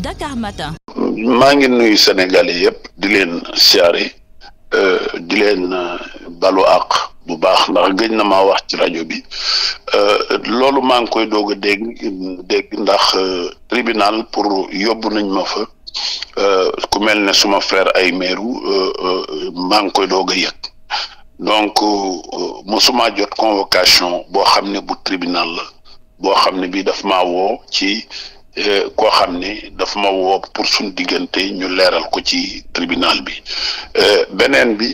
Dakar Matin. maa ngi Sénégalais yëpp di leen siyaare euh, di leen euh, balu àq bu baax ndax gëj na maa wax ci rajo bi euh, loolu maa ngi koy doog a dégg ndax tribunal pour yóbbu nañ ma fa ku mel ne suma frère ay meeru maa ngi koy doog a yëg donc mosuma jot convocation boo xam ne bu tribunal la boo xam ne daf maa woo ci. Euh, koo xam ne dafa ma woo pour suñ diggante ñu leeral ko ci tribunal bi euh, beneen bi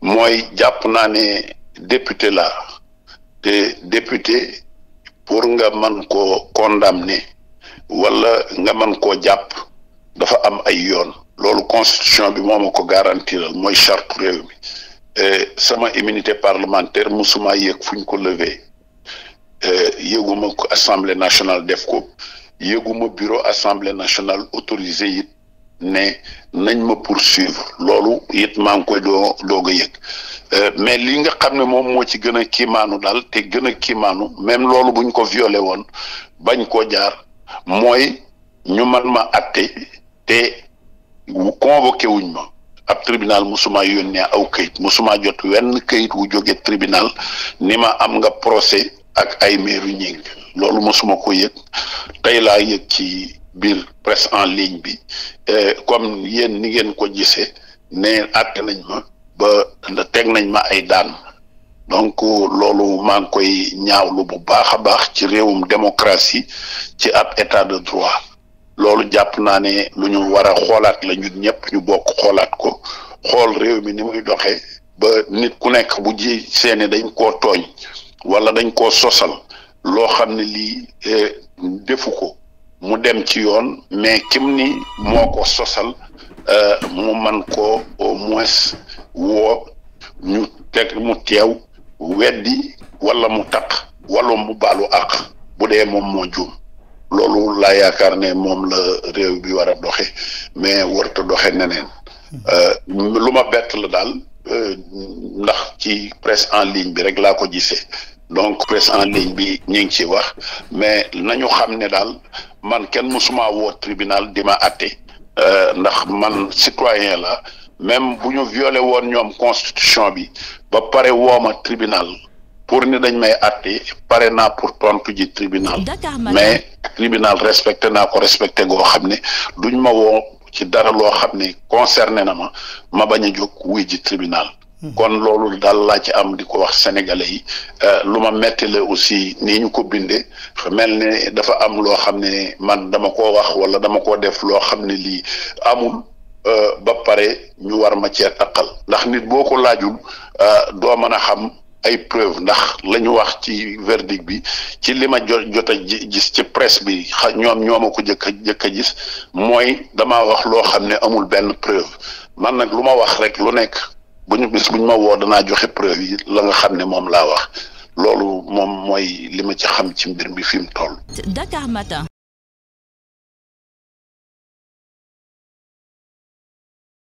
mooy jàpp naa ne député la te député pour nga man koo condamné wala nga man koo jàpp dafa am ay yoon loolu constitution bi moo ma ko garantiral mooy charte réew mi euh, sama immunité parlementaire musuma yëg fu ñu ko levé yëguma ko assemblée nationale def ko yëguma bureau assemblée nationale autorisé it ne nañ ma pour poursuivre loolu it maa ngi koy doo doog yëg euh, mais li nga xam ne moom moo ci gën a kiimaanu daal te gën a kiimaanu même loolu buñ ko violé woon bañ koo jaar mooy ñu man ma atte te convoqué wuñ ma ab tribunal musuma yónnee aw këyit musuma jot wenn këyit wu jóge tribunal ni ma am nga procès ak ay meeru ñing loolu musuma ko yëg tey laa yëg ci biir presse en ligne bi eh, comme yéen ni ngeen ko gisee ne àtte nañ ma ba teg nañ ma ay daan donc loolu maa ngi koy ñaawlu bu baax a baax ci réewum démocratie ci ab état de droit loolu jàpp naa ne lu ñu war a xoolaat lañu ñun ñëpp ñu bokk xoolaat ko xool réew mi ni muy doxee ba nit ku nekk bu ji seeni dañ ko tooñ wala dañ koo sosal loo xam ne lii eh, defu ko mu dem ci yoon mais kim ni moo ko sosal euh, mu man ko au moins woo ñu teg mu teew weddi wala mu taq wala mu baalu àq bu dee moom moo juum loolu laa yaakaar ne moom la réew bi war a doxe mais warta doxe neneen euh, lu ma bett la daal euh, ndax ci presse en ligne bi rek laa ko gisee donc presse en ligne bi ñu ngi ci wax mais nañu xam ne daal man kenn mësuma woo tribunal di ma àtte euh, ndax man citoyen la même bu ñu violé woon ñoom constitution bi ba pare wooma tribunal pour ni dañ may àtte pare na pour tontu ji tribunal mais tribunal respecté naa ko respecté goo xam ne duñ ma woo ci dara loo xam ne concerné na ma ma bañ jóg wuy ji tribunal kon loolu daal laa ci am di ko wax sénégalais yi euh, lu ma metti la aussi nii ñu ko bindee mel ni dafa am loo xam ne man dama ko wax wala dama koo def loo xam ne lii amul euh, ba pare ñu war ma cee taqal ndax nit boo ko laajul euh, doo mën a xam ay preuve ndax la ñu wax ci verdict bi ci li ma jot jot a gis ci presse bi xa ñoom ñooma ko jëkk a jëkk a gis mooy dama wax loo xam ne amul benn preuve man nag lu ma wax rek lu nekk bu ñu bis bu ma woo danaa joxe preuve la nga xam ne moom laa wax loolu moom mooy li ma ci xam ci mbir mi fi mu toll. Dakar Matin.